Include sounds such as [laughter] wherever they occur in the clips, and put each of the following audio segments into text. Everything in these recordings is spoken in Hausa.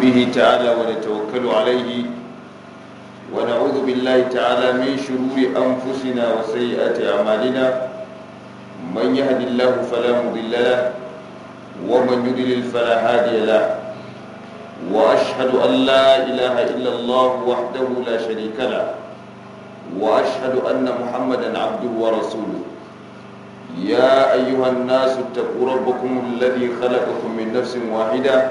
به تعالى ونتوكل عليه ونعوذ بالله تعالى من شرور أنفسنا وسيئات أعمالنا من يهد الله فلا مضل له ومن يضلل فلا هادي له وأشهد أن لا إله إلا الله وحده لا شريك له وأشهد أن محمدا عبده ورسوله يا أيها الناس اتقوا ربكم الذي خلقكم من نفس واحدة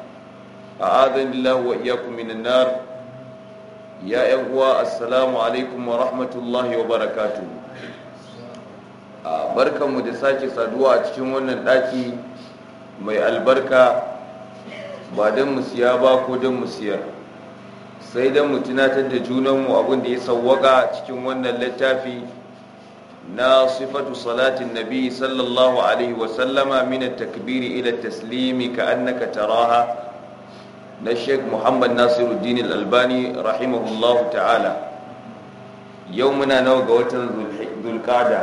أعاذني الله وإياكم uwa النار يا alaikum wa rahmatullahi wa الله A barkanmu da sake saduwa a cikin wannan ɗaki mai albarka ba dan mu siya ba ko don mu sai don mu tunatar da junanmu abin da ya sawwaka cikin wannan littafi na sifatu salatin nabi sallallahu alaihi sallama min takbiri ila taslimi ka annaka taraha na sheikh muhammad nasiruddin al-albani rahimahullah ta'ala yau muna nawa ga watan zulkada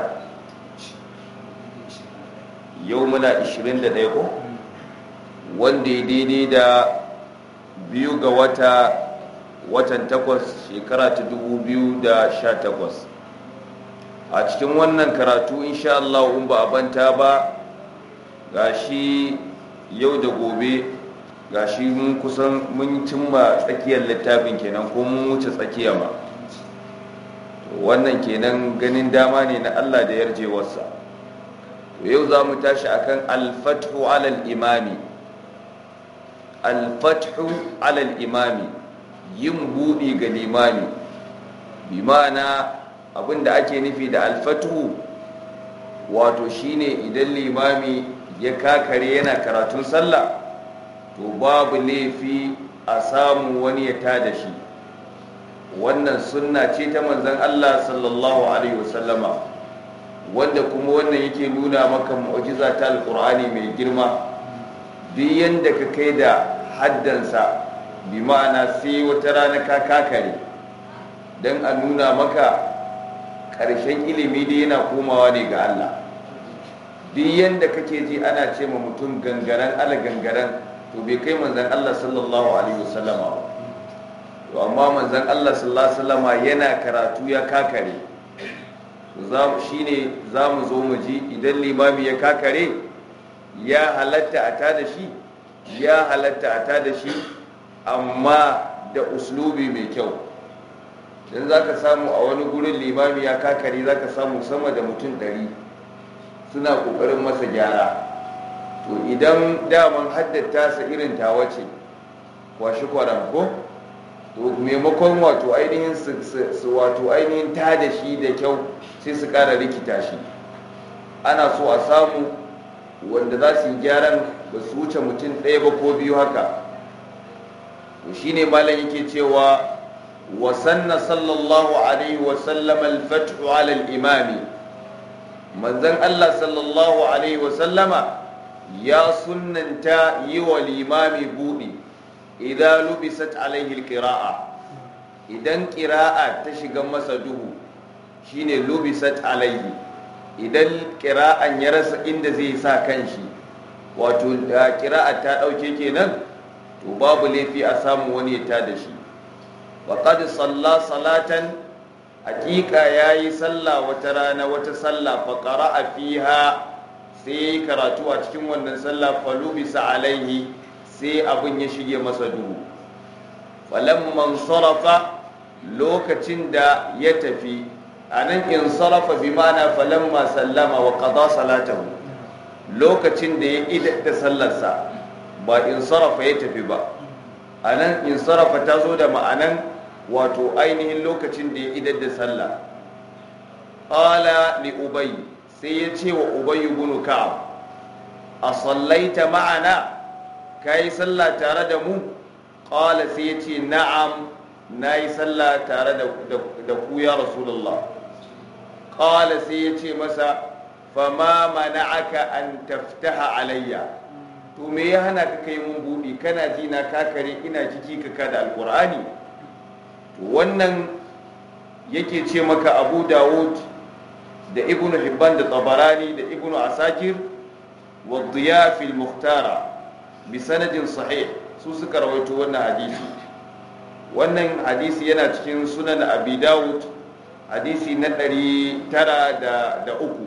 yau muna 21 ko wanda ya daidai da biyu ga wata watan takwas shekara ta 2018 a cikin wannan karatu insha Allah in ba a banta ba ga shi yau da gobe Ga shi mun kusan mun cimma tsakiyar littafin kenan ko mun wuce tsakiya ma wannan kenan ganin dama ne na Allah da yarjewarsa to yau za mu tashi akan alfathu alal imami alfathu alal imami yin buɗi ga limami bi ma'ana abinda ake nufi da alfathu wato shine idan limami ya kakare yana karatun sallah to babu laifi a samu wani ya tada shi wannan sunna ce ta manzon Allah sallallahu alaihi wasallama wanda kuma wannan yake nuna maka mu'jiza ta alqur'ani mai girma duk yanda ka kai da haddansa bi ma'ana sai wata rana ka kakare don a nuna maka ƙarshen ilimi da yana komawa ne ga Allah duk yanda kake ji ana ce ma mutum gangaren ala gangaren to bai kai manzan Allah sallallahu alaihi wasallama ba to amma manzan Allah sallallahu alaihi wasallama yana karatu ya kakare shine za mu zo mu ji idan limami ya kakare ya halatta a tada shi ya halatta a tada shi amma da uslubi mai kyau don za ka samu a wani gurin limami ya kakare za ka samu sama da mutum ɗari suna ƙoƙarin masa gyara to idan daman haddata sa irin tawa ce washi kwaran ko to maimakon wato ainihin su wato ainihin ta da shi da kyau sai su kara rikita shi ana so a samu wanda za su yi gyaran ba su wuce mutum ɗaya ba ko biyu haka to ne malam yake cewa wasanna sallallahu alaihi wasallam al alal imami manzon Allah sallallahu alaihi wasallama ya sunanta yi wa limami buɗi idan lubisat Alaihil kira'a idan kira'a ta shiga masa duhu shine lubisat alaihi idan kira'an ya rasa inda zai sa kanshi wato kira'a ta ɗauke kenan to babu laifi a samu wani ya tada shi wa salla salatan hakika yayi sallah wata rana wata sallah a qara'a ha. sai ya yi karatu a cikin wannan sallah falubisa alaihi sai abin ya shige masa duhu falamman sarafa lokacin da ya tafi a nan in sarafa bi mana falamma sallama wa qada salatahu lokacin da ya da sallarsa ba in sarafa ya tafi ba a nan in sarafa ta zo da ma'anan wato ainihin lokacin da ya da sallah qala li ubayy sai ya ce wa ubayu ibn ka'ab a sallaita ma'ana yi sallah tare da mu qala sai ya ce na'am yi sallah tare da ku ya rasulullah Ƙala sai ya ce masa fama aka an taftaha alayya to me ya hana ka kai mun buɗe kana ji na kakare ina jiki ka kada alkur'ani to wannan yake ce maka abu dawud da ibn hibban da tabarani da ibn asakir wa diyafi al-mukhtara bi sanadin sahih su suka rawaito wannan hadisi wannan hadisi yana cikin sunan abi dawud hadisi na ɗari tara uku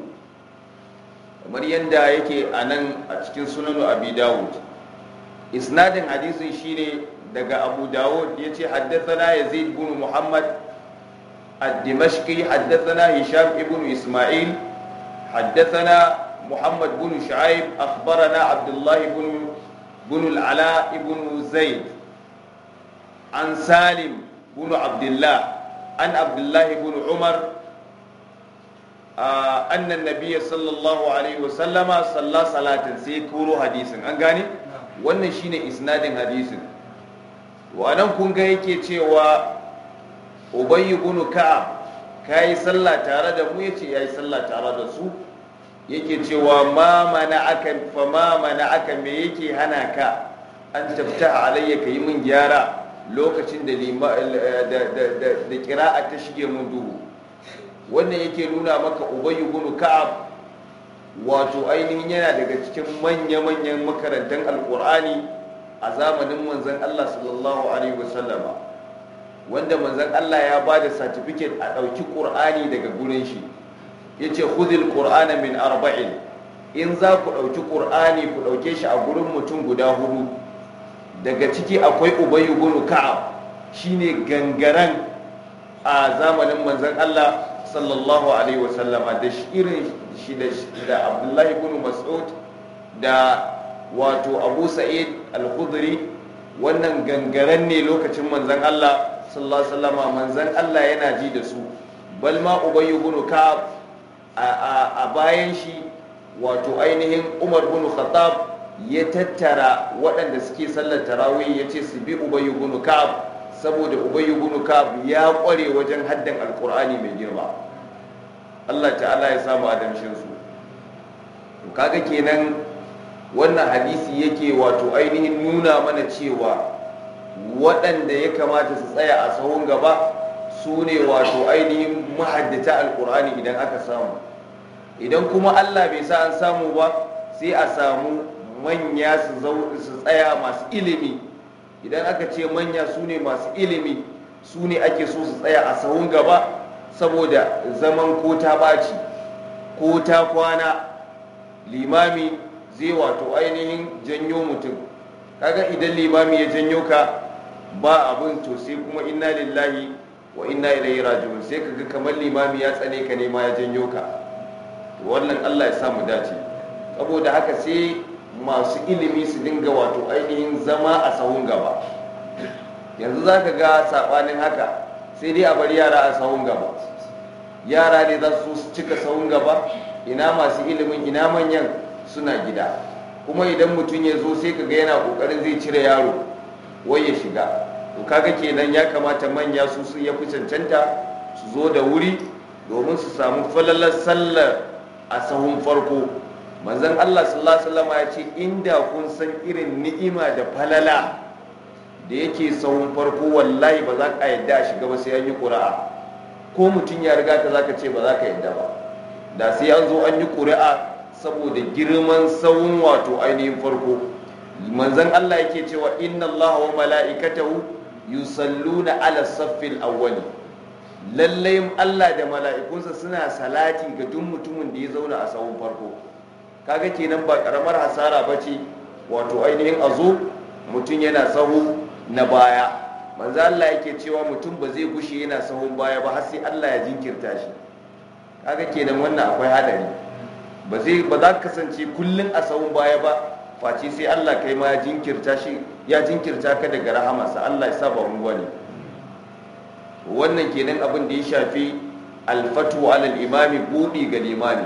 kamar yanda yake a nan a cikin sunan abi dawud isnadin hadisin shine daga abu dawud ya ce haddasa yazid ibn muhammad الدمشقي حدثنا هشام ابن إسماعيل حدثنا محمد بن شعيب أخبرنا عبد الله بن بن العلاء بن زيد عن سالم بن عبد الله عن عبد الله بن عمر آه أن النبي صلى الله عليه وسلم صلى صلاة سيكورو حديثا أنقاني wannan shine isnadin hadisin wa anan kun ga yake cewa gunu ka'a ka yi sallah tare da mu yace yi sallah tare da su yake cewa ma mana aka fa ma mana aka me yake hana ka an taftaha alayya yi min gyara lokacin da da kira'a ta shige mun duhu wannan yake nuna maka ubayy gunu ka'ab wato ainihin yana daga cikin manya-manyan makarantar alkur'ani a zamanin manzon Allah sallallahu alaihi wasallama wanda manzan Allah ya ba da certificate a ɗauki ƙur'ani daga gurin shi ya ce huzil ƙur'ana min arba'in in za ku ɗauki ƙur'ani ku ɗauke shi a gurin mutum guda hudu daga ciki akwai ubayu bin ka'ab shine gangaran a zamanin manzan Allah sallallahu alaihi wasallama da irin shi da abdullahi bin mas'ud da wato abu sa'id al-khudri wannan gangaran ne lokacin manzan Allah sallallahu alaihi manzon Allah yana ji da su bal ma ubayy ka'ab a bayan shi wato ainihin Umar bin Khattab ya tattara waɗanda suke sallar tarawih ya ce su bi ubayy bin ka'ab saboda ubayy bin ka'ab ya kware wajen haddin alkur'ani mai girma Allah ta'ala ya samu adamshin su kaga kenan wannan hadisi yake wato ainihin nuna mana cewa waɗanda ya kamata su tsaya a sahun gaba su ne wato ainihin mahaddata alkur'ani idan aka samu idan kuma allah bai sa an samu ba sai a samu manya su tsaya masu ilimi idan aka ce manya su ne masu ilimi su ne ake so su tsaya a sahun gaba saboda zaman ko ta ɓaci ko ta kwana limami zai wato ainihin janyo mutum kaga idan limami ya janyo ka ba abin to sai kuma inna lillahi wa inna ilaihi raji'un sai kaga kamar limami ya tsane ka ne ma ya janyo ka wannan Allah ya sa mu dace saboda haka sai masu ilimi su dinga wato ainihin zama a sahun gaba yanzu za ka ga saɓanin haka sai dai a bar yara a sahun gaba yara ne za su cika sahun gaba ina masu ilimin ina manyan suna gida kuma idan mutum ya zo sai ka ga yana ƙoƙarin zai cire yaro wai ya shiga to kaga kenan ya kamata manya su su ya fi cancanta su zo da wuri domin su samu falalar sallar a sahun farko manzon Allah sallallahu alaihi ya ce inda kun san irin ni'ima da falala da yake sahun farko wallahi ba za ka yadda a shiga ba sai an yi ƙuri'a ko mutum ya riga ka zaka ce ba za ka yadda ba da sai an zo an yi ƙuri'a saboda girman sahun wato ainihin farko manzon Allah yake cewa inna Allah wa mala'ikatahu yusalluna ala saffil awwali lallai Allah da mala'ikunsa suna salati ga duk mutumin da ya zauna a sahun farko kaga kenan ba karamar hasara ba ce wato ainihin a zo mutum yana sahu na baya manzan Allah yake cewa mutum ba zai gushe yana sahun baya ba har sai Allah ya jinkirta shi kaga kenan wannan akwai hadari ba za ka kasance kullum a sahun baya ba face sai Allah kai ma ya jinkirta ka daga rahamarsa Allah ya saba mu ne wannan kenan abin da ya shafi alfatu alal imami budi ga limami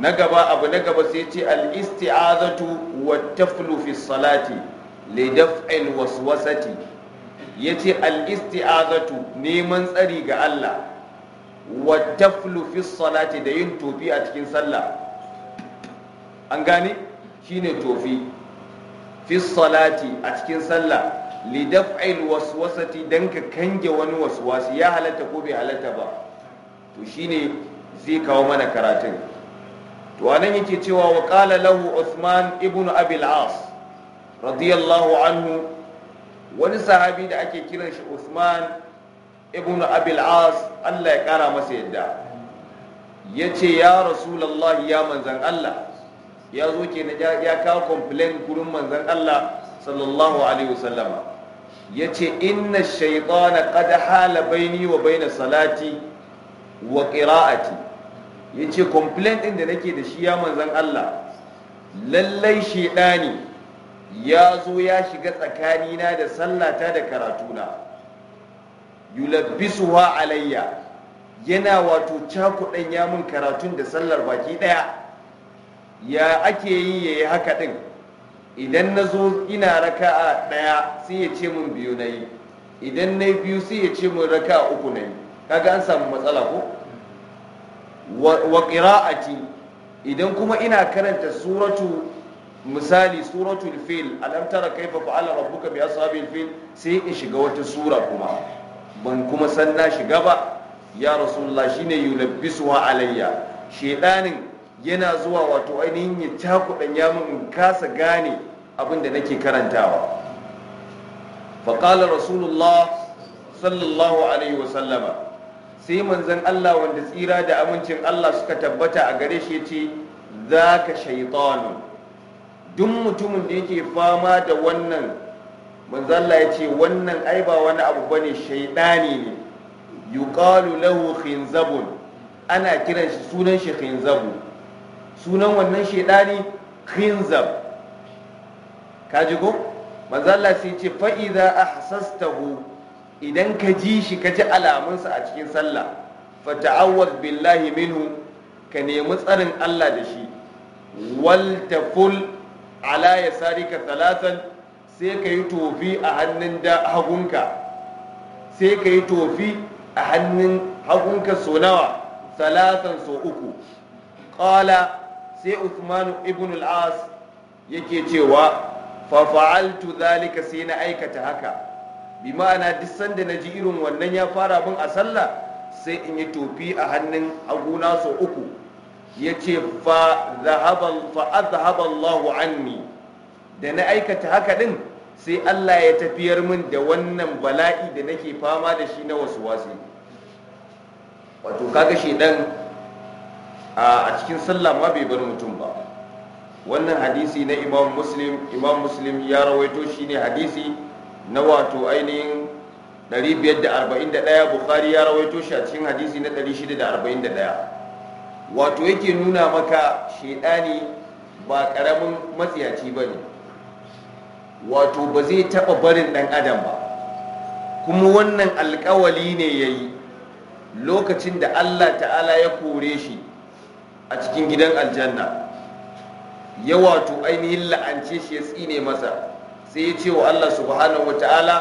na gaba abu na gaba sai ce al isti'azatu wa taflu fi salati li daf'il waswasati yace al isti'azatu neman tsari ga Allah wa taflu salati da yin tofi a cikin sallah an gane shine tofi fi salati a cikin sallah li daf'il waswasati dan ka kange wani waswasi ya halatta ko bai halatta ba to shine zai kawo mana karatun to anan yake cewa wa qala lahu usman ibn abil as radiyallahu anhu wani sahabi da ake kiran shi Usman ibnu abil as Allah ya kara masa yadda yace ya Rasulullahi ya manzan Allah ya zo na ya kawo komplain gurin manzon Allah sallallahu alaihi wasallama yace inna shaytana qad hala baini wa baina salati wa qira'ati ce, komplain din da nake da shi ya Manzan Allah lallai ne ya zo ya shiga tsakanina da sallata da karatuna yulabbisuha alayya yana wato cakuɗan ya mun karatun da sallar baki ɗaya ya ake yi ya yi haka ɗin idan na zo ina raka a ɗaya sai ya ce mun biyu na yi idan na biyu sai ya ce mun raka uku na yi kaga an samu matsala ko wa ƙira'ati idan kuma ina karanta suratu misali suratul fil alam tara kaifa fa'ala rabbuka bi ashabil fil sai in shiga wata sura kuma ban kuma san na shiga ba ya rasulullah shine yulabbisu alayya shedanin yana zuwa wato ainihin ya cakuɗan ya mun kasa gane abin da nake karantawa faƙalar rasulullah sallallahu alaihi wasallama sai manzan allah wanda tsira da amincin allah suka tabbata a gare shi ce za ka shaitanu duk mutumin da yake fama da wannan manzan allah ya ce wannan ai ba wani abu bane shaidani ne Yuƙalu lahu khinzabun ana kiran shi sunan shi khinzabun sunan wannan shaidani khinzab kaji ko manzo sai ce fa a ahsastahu idan ka ji shi ka ji alamunsa a cikin sallah fa ta'awwaz billahi minhu ka nemi tsarin Allah da shi wal taful ala yasarika talatan sai ka yi tofi a hannun da hagunka sai ka yi tofi a hannun hagunka so nawa talatan so uku Ƙala. sai Uthman ibn al-As yake cewa fa fa'altu dhalika sai na aikata haka bi ma'ana duk sanda naji irin wannan ya fara bin a sallah sai in yi tofi a hannun aguna sau uku yace fa dhahaba fa adhhaba Allah anni da na aikata haka din sai Allah ya tafiyar min da wannan bala'i da nake fama da shi na wasu wasi wato kaga shedan a cikin sallah ma bai bar mutum ba wannan hadisi na imam muslim imam muslim ya rawaito shi ne hadisi na wato ainihin 541 bukhari ya rawaito shi a cikin hadisi na 641 wato yake nuna maka shaidani ba karamin matsiyaci ba ne wato ba zai taɓa barin ɗan adam ba kuma wannan alkawali ne ya yi lokacin da allah ta'ala ya kore shi a cikin gidan aljanna ya wato ainihin la'ance shi ya tsine masa sai ya ce wa Allah subhanahu wataala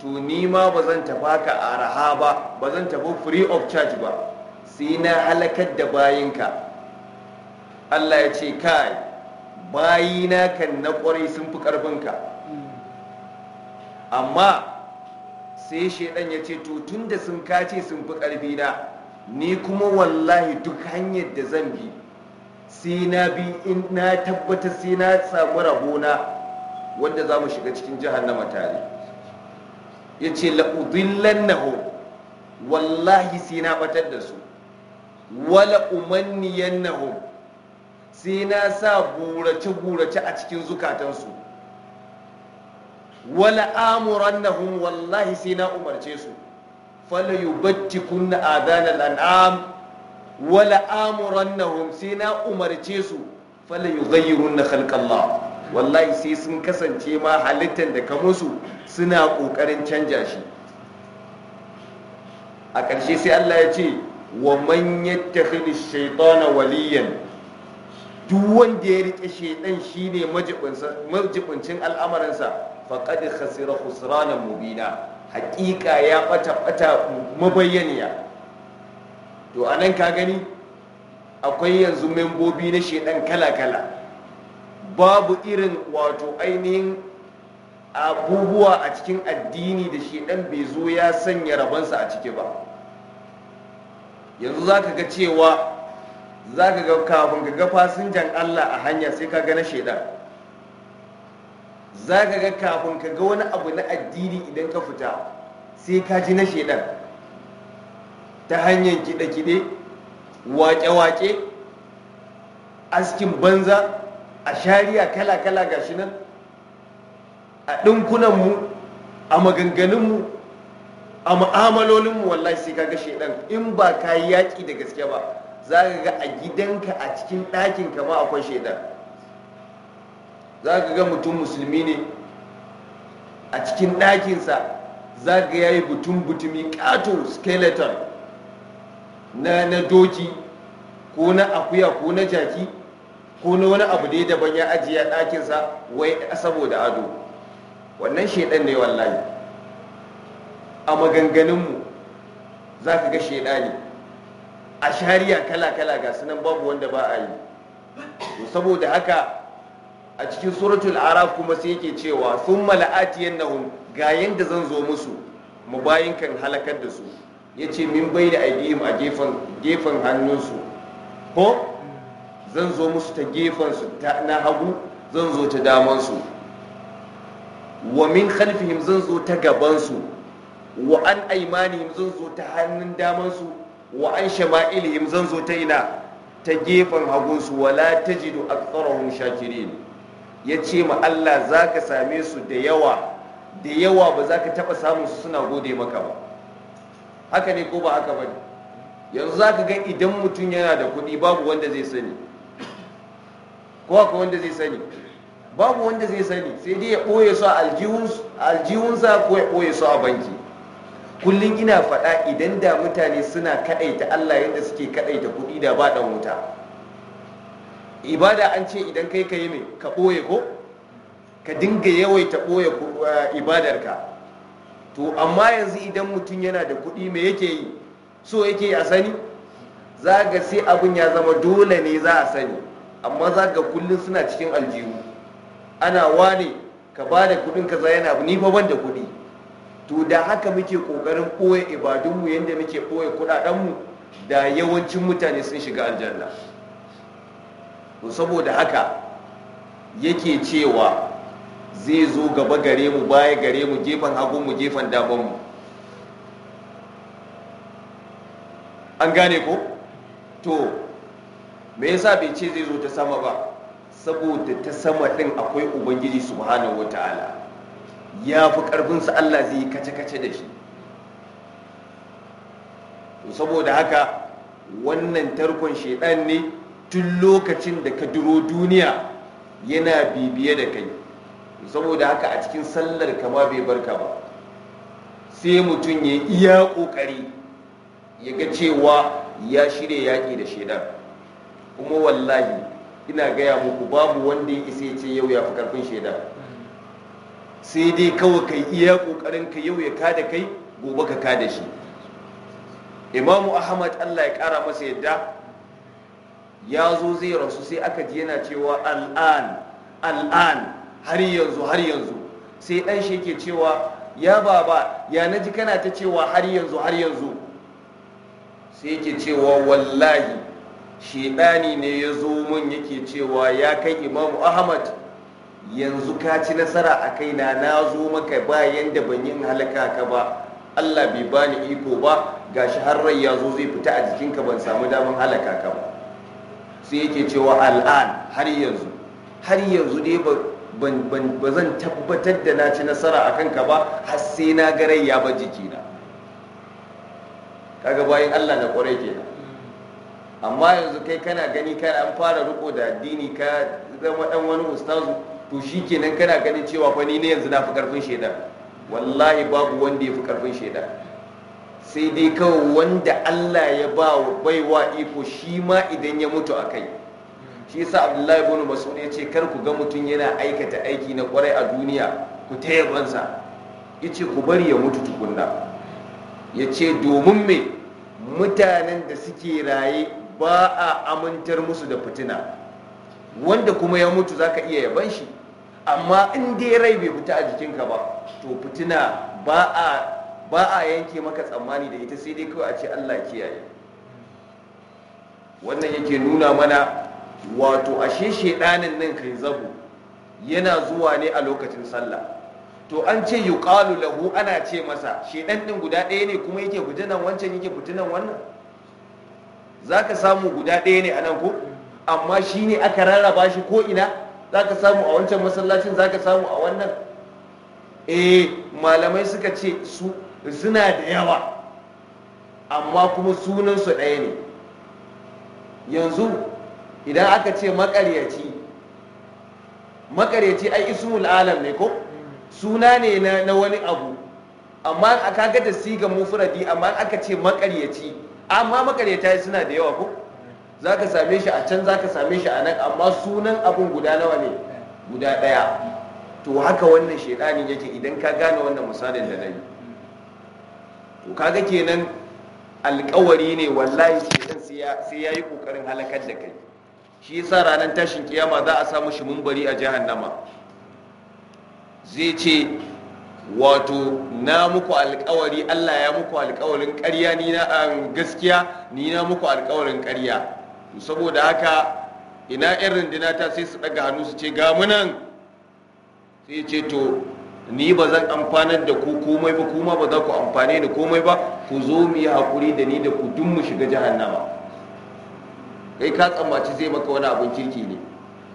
to ni ma ba zan tafi haka a raha ba ba zan tafi free of charge ba sai na halakar da bayinka Allah ya ce kai bayina kan na kwarai sun fi karfinka amma sai shaidan ya ce to tunda sun kace sun fi karfina ni kuma wallahi duk hanyar da zan bi sai na bi in na tabbatar sai na samu rabona wanda za mu shiga cikin jahannama tare ya ce la'udillannahu wallahi sai na batar da su wala umanniyannahum sai na sa burace-burace a cikin zukatansu wala amurannahum wallahi sai na umarce su fala yubatti kunna adhanal an'am wala na sai na umarce su fala na khalqallah wallahi sai sun kasance ma halittar da ka musu suna ƙoƙarin canja shi a ƙarshe sai Allah ya ce wa manyan yattakhidhi shaitana waliyan duk wanda ya rike shaytan shine majibincin al'amarinsa faƙaɗi khasira khusranan mubina haƙiƙa ya bata bata mabayyaniya to a nan ka gani akwai yanzu membobi na shedan kala-kala babu irin wato ainihin abubuwa a cikin addini da shedan bai zo ya sanya rabansa a ciki ba yanzu za ka ga cewa za ka ga kafin ga fasinjan allah a hanya sai ka ga na shedan za ka ga kafin ka ga wani abu na addini idan ka fita sai ka ji na shedan ta hanyar kiɗe-kiɗe waƙe-waƙe askin banza a shari'a kala-kala gashi nan a ɗinkunanmu a maganganunmu a ma'amalolinmu wallahi sai ka ga shedan in ba ka yi yaƙi da gaske ba za ka ga a gidanka a cikin ɗakinka ma akwai shedan za ka ga mutum musulmi ne a cikin ɗakinsa za ka ya yi butun butumi ƙato skeleton na na doki ko na akuya ko na jaki ko na wani abu dai daban ya ajiye a ɗakinsa wai saboda ado wannan shaidan ne wallahi a maganganunmu za ka ga ne. a shari'a kala-kala ga sunan babu wanda ba a yi saboda haka a cikin suratul araf kuma sai yake cewa sun mala'atiyan nahum ga yadda zan zo musu mu bayan kan halakar da su ya ce min bai da aidihim a gefen hannunsu ko zan zo musu ta gefensu na hagu zan zo ta damansu wa min khalfihim zan zo ta gabansu wa an aimanihim zan zo ta hannun damansu wa an shama'ilihim zan zo ta ina ta gefen hagunsu wala tajidu aktsarahum shakirin ya ce ma Allah za ka same su da yawa da yawa ba za ka taɓa samun su suna gode maka ba haka ne ko ba haka ba yanzu za ka ga idan mutum yana da kuɗi babu wanda zai sani ko haka wanda zai sani babu wanda zai sani sai dai ya ɓoye su a aljihunsa ko ya ɓoye su a banki kullum ina faɗa idan da mutane suna kaɗaita Allah yadda suke kaɗaita kuɗi da ba ɗan wuta ibada an ce idan kai ka yi ne ka ɓoye ko ka dinga yawaita ɓoye eh, ibadarka to amma yanzu idan mutum yana da kuɗi mai yake yi so yake a sani za ga sai abin ya zama dole ne za a sani amma za ga kullum suna cikin aljihu ana wane ka ba da kuɗin kaza yana ni fa da kuɗi to da haka muke ƙoƙarin ɓoye ibadunmu yadda muke ɓoye kuɗaɗenmu da yawancin mutane sun shiga aljanna to saboda haka yake cewa zai zo gaba gare mu baya gare mu gefen hagu mu gefen mu an gane ko to me yasa bai ce zai zo ta sama ba saboda ta sama din akwai ubangiji subhanahu wataala ya fi karfinsa Allah zai kace-kace da shi to saboda haka wannan tarkon shedan ne tun lokacin da ka duro duniya yana bibiye da kai saboda haka a cikin sallar kama bai barka ba sai mutum ya iya ƙoƙari ya ga cewa ya shirya yaƙi da shaidan kuma wallahi ina gaya muku babu wanda ya isa ce yau ya fi karfin shaidan sai dai kawai kai iya kokarin ka yau ya kada kai gobe ka kada shi imamu ahmad allah ya ƙara masa yadda ya zo zai rasu sai aka ji yana cewa al'an al'an har yanzu har yanzu sai ɗan shi yake cewa ya baba ya naji kana ta cewa har yanzu har yanzu sai yake cewa wallahi shedani ne ya zo mun yake cewa ya kai imamu ahmad yanzu ka ci nasara a kaina na zo maka bayan da ban yi halaka ka ba allah bai bani iko ba ga shi har rai ya zo zai fita a jikinka ban samu damar halaka ka ba sai yake cewa al'an har yanzu har yanzu dai ba zan tabbatar da na ci nasara a kanka ba har sai na garai ya ba jikina kaga bayan allah na kwarai ke. amma yanzu kai kana gani kana an fara riko da addini ka zama dan wani ustazu to shi kenan kana ganin cewa fa ni ne yanzu na fi karfin shaida wallahi babu wanda ya fi karfin shaida sai dai kawai wanda Allah ya ba baiwa iko shi ma idan ya mutu a kai shi yasa Abdullahi bin Mas'ud ya ce kar ku ga mutum yana aikata aiki na kwarai a duniya ku ta yabansa yace ku bari ya mutu tukunna yace domin me mutanen da suke raye ba a amintar musu da fitina wanda kuma ya mutu zaka iya yaban shi amma in dai rai bai fita a jikinka ba to fitina ba a ba a yanke maka tsammani da ita sai dai kawai a ce Allah kiyaye wannan yake nuna mana wato ashe shedanin nan kai zabu yana zuwa ne a lokacin sallah to an ce yuqalu lahu ana ce masa shedan din guda ɗaya ne kuma yake fitinan wancan yake fitinan wannan zaka samu guda ɗaya ne anan ko amma shine aka rarraba shi ko ina zaka samu a wancan masallacin zaka samu a wannan eh malamai suka ce su suna da yawa amma kuma sunansu ɗaya ne yanzu idan aka ce makaryaci makaryaci ai ismul alam ne ko suna ne na wani abu amma aka ga da siga mufradi amma aka ce makaryaci amma makaryata suna da yawa ko za ka same shi a can za ka same shi a nan amma sunan abun guda nawa ne guda ɗaya to haka wannan shaidanin yake idan ka gane wannan misalin da na yi to kaga kenan alkawari ne wallahi shedan sai ya yi kokarin halakar da kai shi yasa ranar tashin kiyama za a samu shi mumbari a jahannama zai ce wato na muku alkawari Allah ya muku alkawarin ƙarya ni na gaskiya ni na muku alkawarin ƙarya saboda haka ina irin dinata sai su daga hannu su ce ga munan sai ce to ni ba zan amfanar da ku komai ba kuma ba za ku amfane da komai ba ku zo mu yi hakuri da ni da ku dun mu shiga jahannama kai ka tsammaci zai maka wani abin kirki ne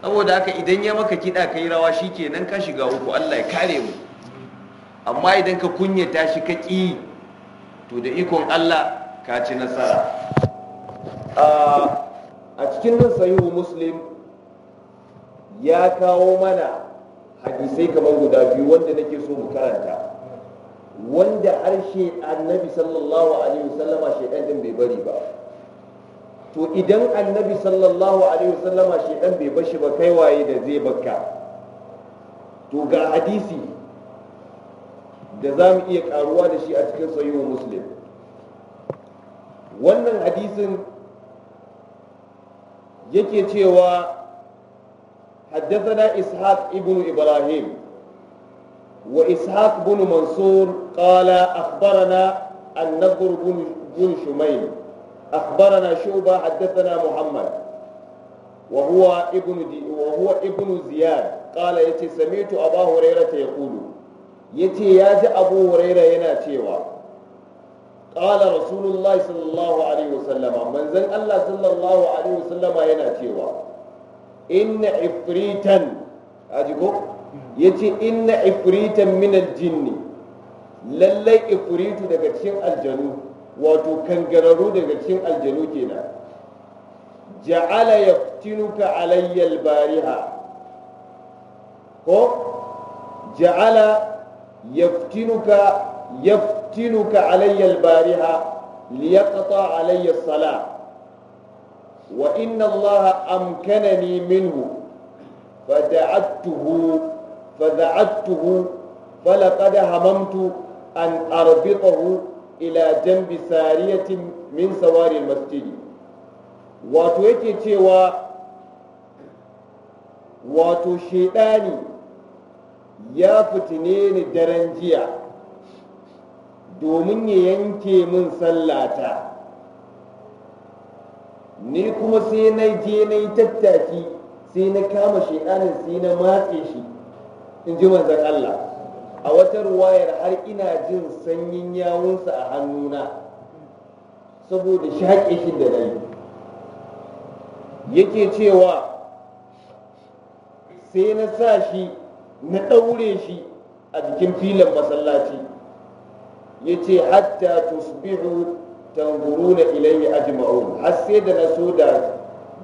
saboda haka idan ya maka kiɗa ka yi rawa shi kenan ka shiga uku allah ya kare mu amma idan ka kunyata shi ka ƙi to da ikon allah ka ci nasara a cikin nan sahihu muslim ya kawo mana hadisai kamar guda biyu wanda nake so mu karanta wanda har annabi sallallahu alaihi wasallama shaidan din bai bari ba to idan annabi sallallahu alaihi wasallama shaidan bai bashi ba kai waye da zai bakka to ga hadisi da za mu iya karuwa da shi a cikin sahihu muslim wannan hadisin yake cewa حدثنا إسحاق ابن إبراهيم وإسحاق بن منصور قال أخبرنا النضر بن, بن شميل أخبرنا شعبة حدثنا محمد وهو ابن دي وهو ابن زياد قال يتي سمعت أبا هريرة يقول يتي ياج أبو هريرة يناتيوا قال رسول الله صلى الله عليه وسلم من زن الله صلى الله عليه وسلم يناتيوا inna ifritan inna ifritan min aljinni lallai ifritu daga cikin aljanu wato kangararru daga cikin aljanu kenan ja'ala yaftinuka alayya bariha ko ja'ala yaftinuka yaftinuka alayya albariha liyaqta alayya as-salah وإن الله أمكنني منه فدعته فدعته فلقد هممت أن أربطه إلى جنب سارية من سواري المسجد وتوكي تيوا وتشيطاني يا فتنين درنجيا domin ya yanke min sallata ni kuma sai na je na yi tattaki sai na kama shaidanin sai na matse shi in ji manzan Allah a wata ruwayar har ina jin sanyin yawunsa a hannuna saboda shaƙe shi da na yi yake cewa sai na sa shi na ɗaure shi a jikin filin masallaci ya ce hatta tusbihu tanzuruna ilayhi ajma'un har sai da na so da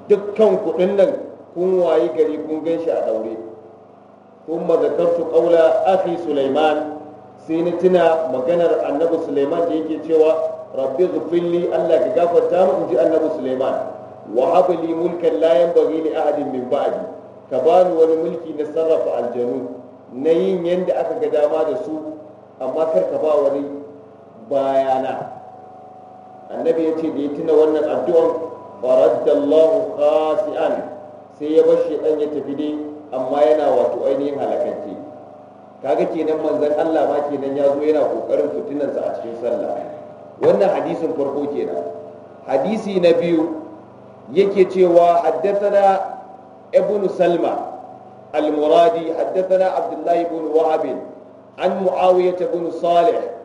dukkan kuɗin nan kun wayi gari kun gan shi a daure kun mazakartu ƙaula akhi sulaiman sai na tuna maganar annabi sulaiman da yake cewa rabbi zufilli allah ka gafarta mu in ji annabi sulaiman wa habli mulkan la yanbaghi li ahadin min ba'di ka bani wani mulki na sarrafa aljanu na yin yanda aka ga dama da su amma kar ka ba wani bayana annabi ya ce da ya tuna wannan addu'an faraddallahu khasi'an sai ya bar shedan ya tafi dai amma yana wato ainihin halakance kaga kenan manzon Allah ma kenan ya zo yana kokarin fitinansa a cikin sallah wannan hadisin farko kenan hadisi na biyu yake cewa haddathana ibnu salma al-muradi haddathana abdullahi ibn wahab an muawiyah ibn salih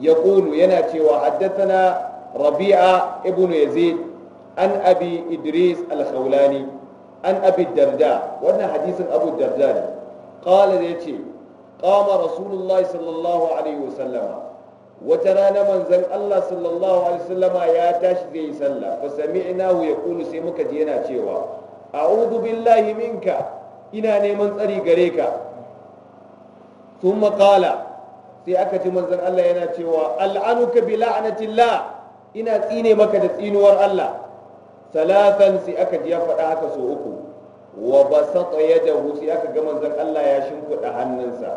يقول يناتي وحدثنا ربيعة ابن يزيد عن أبي إدريس الخولاني عن أبي الدرداء وأنا حديث أبو الدرداء قال يتي قام رسول الله صلى الله عليه وسلم وترانا من زن الله صلى الله عليه وسلم يا تاش زي سلا فسمعناه يقول سيمك دينا تيوا أعوذ بالله منك إنا نيمن تري غريكا ثم قال sai aka ji manzon Allah yana cewa al'anuka bi la'natillah ina tsine maka da tsinuwar Allah salatan sai aka ji ya faɗa haka so uku wa basata yadahu sai aka ga manzon Allah ya shimfiɗa hannunsa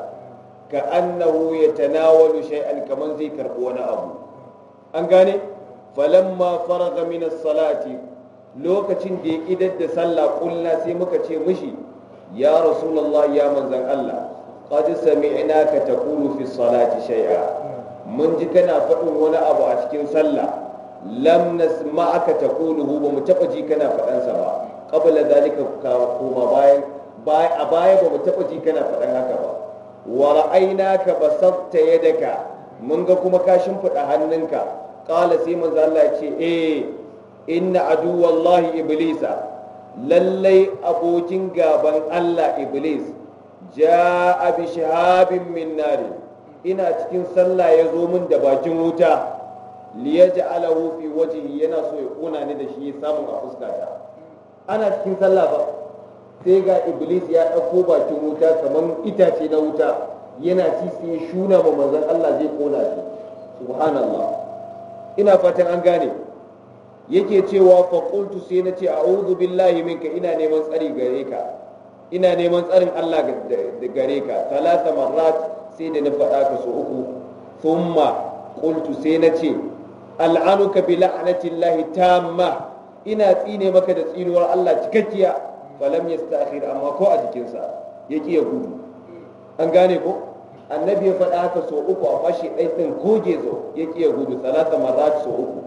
ka annahu yatanawalu shay'an kaman zai karɓi wani abu an gane falamma faraga min as-salati lokacin da ya ƙidar da sallah ƙulla sai muka ce mishi ya rasulallah, ya manzon Allah qad sami'na ka taqulu fi salati shay'a mun ji kana faɗin wani abu a cikin sallah lam nasma'aka taquluhu ba mu taba ji kana faɗan ba qabla zalika kuma a baya ba mu taba ji kana faɗan haka ba wa ra'aynaka basatta yadaka mun ga kuma ka shimfiɗa hannunka Ƙala sai manzo Allah ya ce eh inna aduwallahi iblisa lallai abokin gaban Allah iblis ja'a bi shahabin min nari ina cikin sallah ya zo min da bakin wuta Liya ala fi waje yana so ya kuna ni da shi samun a fuskata ana cikin sallah ba sai ga iblis ya ɗauko bakin wuta kamar itace na wuta yana ci sai ya shuna ba manzon Allah zai kona shi subhanallah ina fatan an gane yake cewa fa sai na ce a'udhu billahi minka ina neman tsari gare ka ina neman tsarin Allah da gare ka talata marat sai da na faɗa ka uku thumma qultu sai na ce al'anuka bi la'natillahi tamma ina tsine maka da tsinuwar Allah cikakkiya falam yasta'khir amma ko a jikinsa yaki ya gudu an gane ko annabi ya faɗa haka so uku a fashi ɗaiɗin goge zo yaki ya gudu talata marat so uku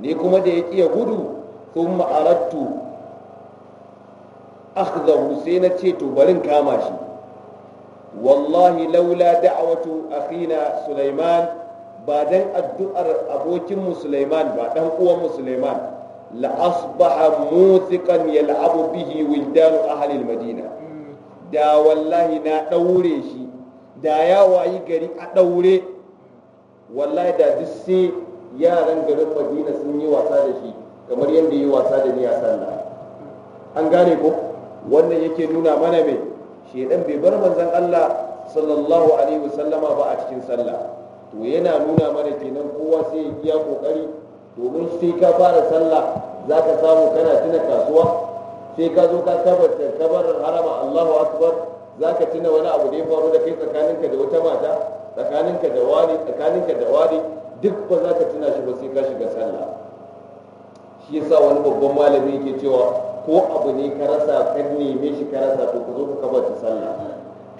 ni kuma da yaki ya gudu thumma aradtu akhdahu sai na ce to barin kama shi wallahi laula da'awatu akhina sulaiman ba dan addu'ar abokin mu sulaiman ba dan uwan mu sulaiman la asbaha muthiqan yal'abu bihi wildan ahli madina da wallahi na daure shi da ya wayi gari a daure wallahi da duk sai yaran garin madina sun yi wasa da shi kamar yadda yi wasa da ni a sallah an gane ko wannan yake nuna mana mai shedan bai bar manzon Allah sallallahu alaihi wasallama ba a cikin sallah to yana nuna mana kenan kowa sai ya iya kokari domin sai ka fara sallah za ka samu kana tuna kasuwa sai ka zo ka tabbata kabarin harama Allahu akbar za ka tuna wani abu da ya faru da kai tsakaninka da wata mata tsakaninka da wani tsakaninka da wani duk ba za ka tuna shi ba sai ka shiga sallah shi yasa wani babban malami yake cewa ko abu ne ka rasa ka neme shi ka rasa to ka zo ka kabar ta sallah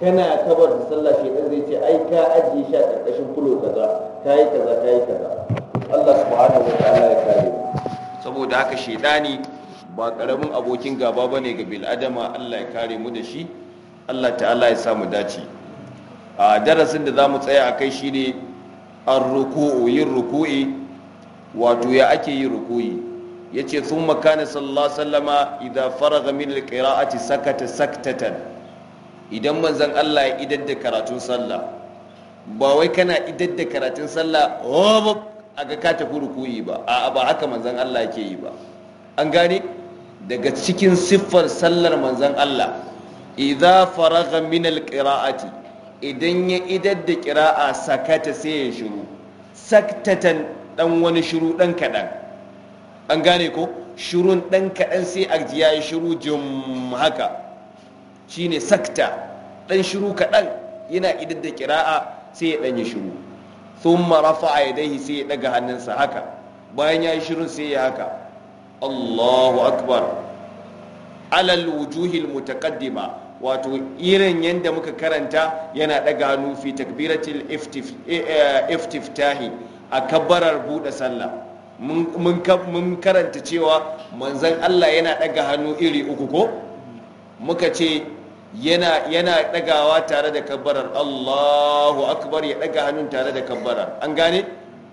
kana kabar ta sallah shi dan zai ce ai ka ajiye shi a karkashin kulo kaza kai kaza kai kaza Allah subhanahu wa ta'ala ya kare saboda haka shedani ba karamin abokin gaba bane ga bil adama Allah ya kare mu da shi Allah ta'ala ya samu dace a darasin da zamu tsaya akai shine ar-ruku'u yin ruku'i wato ya ake yin ruku'i Ya ce sun makani sallallahu sallama idza faraga min alqira'ati sakata saktatan idan manzan Allah ya idar da karatun sallah ba wai kana idar da karatun sallah oh, a ga ka tafi rukuyi ba a'a ba haka manzan Allah yake yi ba an gane daga cikin siffar sallar manzan Allah idza faraga min alqira'ati idan ya idar da qira'a sakata sai ya shiru saktatan dan wani shiru dan kadan an gane ko shirun ɗan kaɗan sai a ji ya yi shiru jim haka shine sakta ɗan shiru kaɗan yana idar da kira'a sai ya ɗan yi shiru sun marafa a yadaihi sai ya ɗaga hannunsa haka bayan ya yi shirun sai ya haka allahu akbar alal wujuhil mutaqaddima wato irin yadda muka karanta yana ɗaga hannu fi takbiratil eh, eh, iftiftahi a kabbarar buɗe sallah mun karanta cewa manzan Allah yana ɗaga hannu iri uku ko muka ce yana dagawa ɗagawa tare da kabbarar Allahu akbar ya ɗaga hannun tare da kabbarar an gane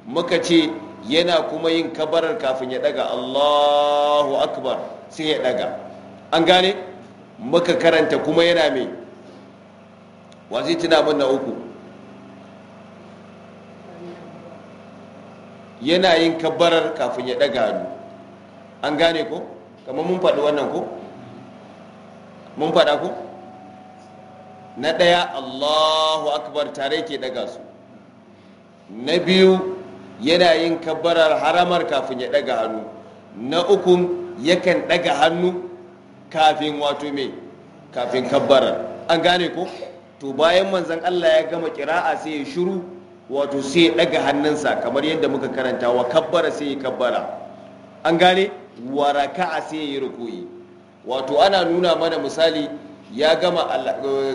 muka ce yana kuma yin kabarar kafin ya ɗaga Allahu akbar sai ya ɗaga an gane muka karanta kuma yana mai wa zai tuna na uku yana yin kabbarar kafin ya ɗaga hannu an gane ko kamar mun faɗi wannan ko mun faɗa ko na ɗaya allahu akbar tare ke ɗaga su na biyu yana yin kabbarar haramar kafin ya ɗaga hannu na uku yakan ɗaga hannu kafin wato mai kafin kabbarar an gane ko to bayan manzan allah ya gama kira'a sai ya shuru wato sai ya daga hannunsa kamar yadda muka karanta wa kabbara sai ya kabbara an gane wa raka'a sai ya yi rukuyi wato ana nuna mana misali ya gama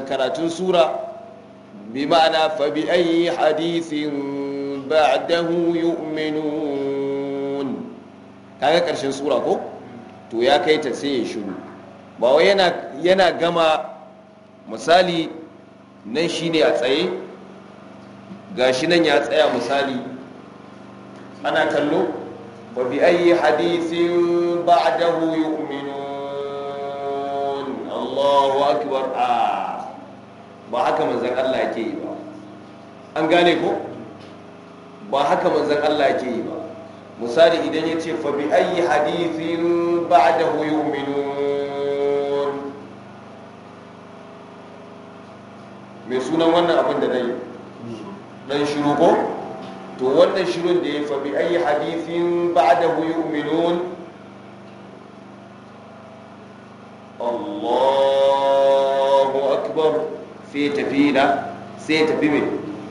karatun sura bi ma'ana fa bi ayi hadisin ba'dahu yu'minun kaga karshen sura ko to ya kai ta sai ya shiru ba yana gama misali nan shine a tsaye gashi nan ya tsaya misali ana kallo wa bi ayi hadithin ba'dahu yu'minun Allahu akbar a ba haka manzon Allah yake yi ba an gane ko ba haka manzon Allah yake yi ba misali idan ya ce fa bi ayi hadithin ba'dahu yu'minun mai sunan wannan abin da yi. dan shiru ko to wannan shirun da ya fa bi ayi hadithin ba'dahu yu'minun Allahu akbar sai tafi na sai tafi mai